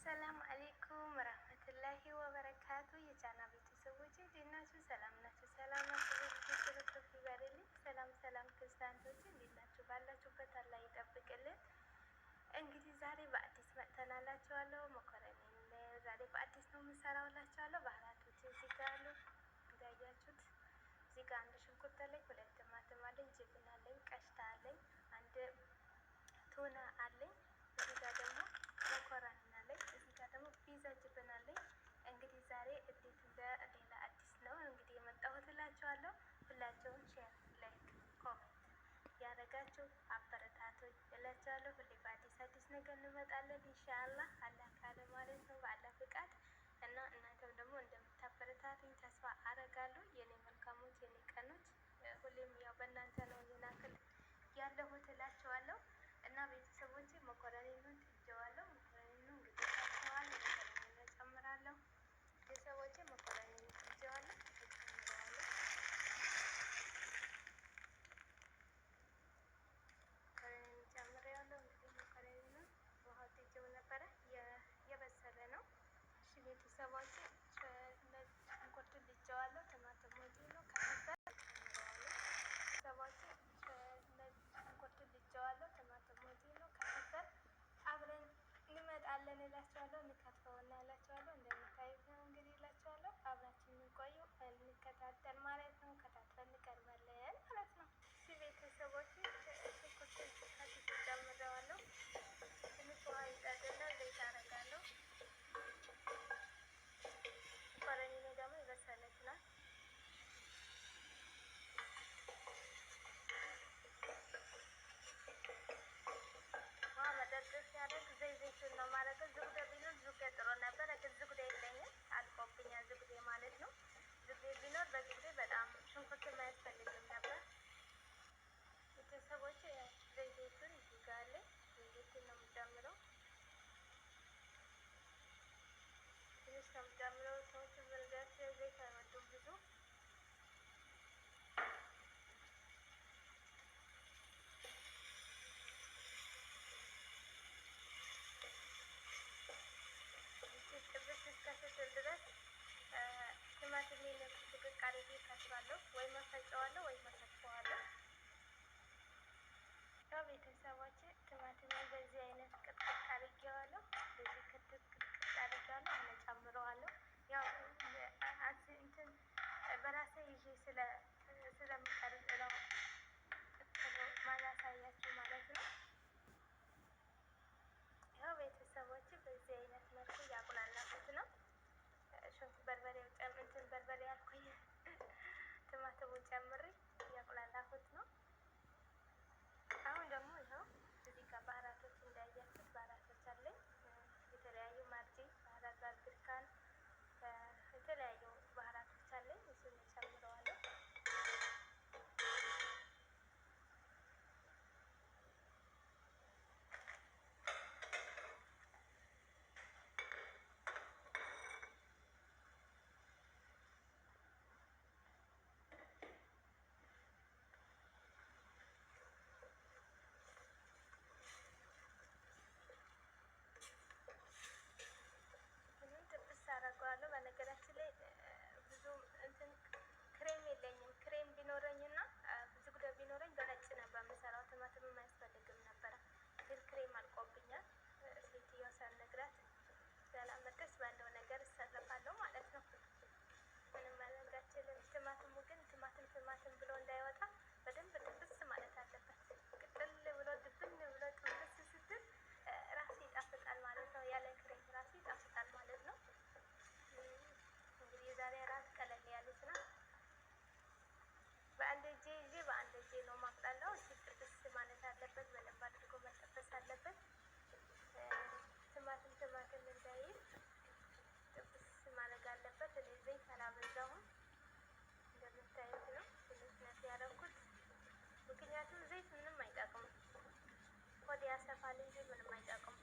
አሰላም አሌይኩም ረህመቱላሂ ወበረካቱ። የጫና ቤተሰቦች እንዴት ናችሁ? ሰላም ናችሁ? ሰላም ናችሁ? ሰላም ሰላም። ክርስቲያኖች እንዴት ናችሁ? ባላችሁበት አላህ ይጠብቅልን። እንግዲህ ዛሬ በአዲስ መጥተናላችኋለሁ። መኮረኒ ዛሬ በአዲስ ነው የምንሰራውላችኋለሁ። ባህላቶች እዚህ ጋር አሉ እንዳያችሁት። እዚህ ጋር አንድ ሽንኩርት አለኝ፣ ሁለት ቲማቲም አለኝ፣ ጅብና አለኝ፣ ቀሽታ አለኝ፣ አንድ ቱና አለ ኢንሻአላህ አላህ ካለ ማለት ነው በአላህ ፍቃድ እና እናንተም ደግሞ እንደምታበረታቱኝ ተስፋ አረጋለሁ። የኔ መልካሞች የኔ ቀኖች ሁሌም ያው በእናንተ ነው የናክል ያለሁት እላቸዋለሁ። ልጁ ምንም አይጠቅም።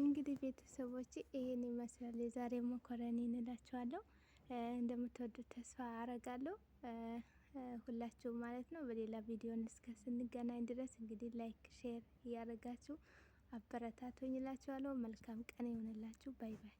እንግዲህ ቤተሰቦች ይህን ይመስላል የዛሬ መኮረኒ እንላችኋለሁ። እንደምትወዱት ተስፋ አረጋለሁ ሁላችሁ ማለት ነው። በሌላ ቪዲዮ እስከ ስንገናኝ ድረስ እንግዲህ ላይክ፣ ሼር እያደረጋችሁ አበረታቱኝ እላችኋለሁ። መልካም ቀን ይሆንላችሁ። ባይ ባይ።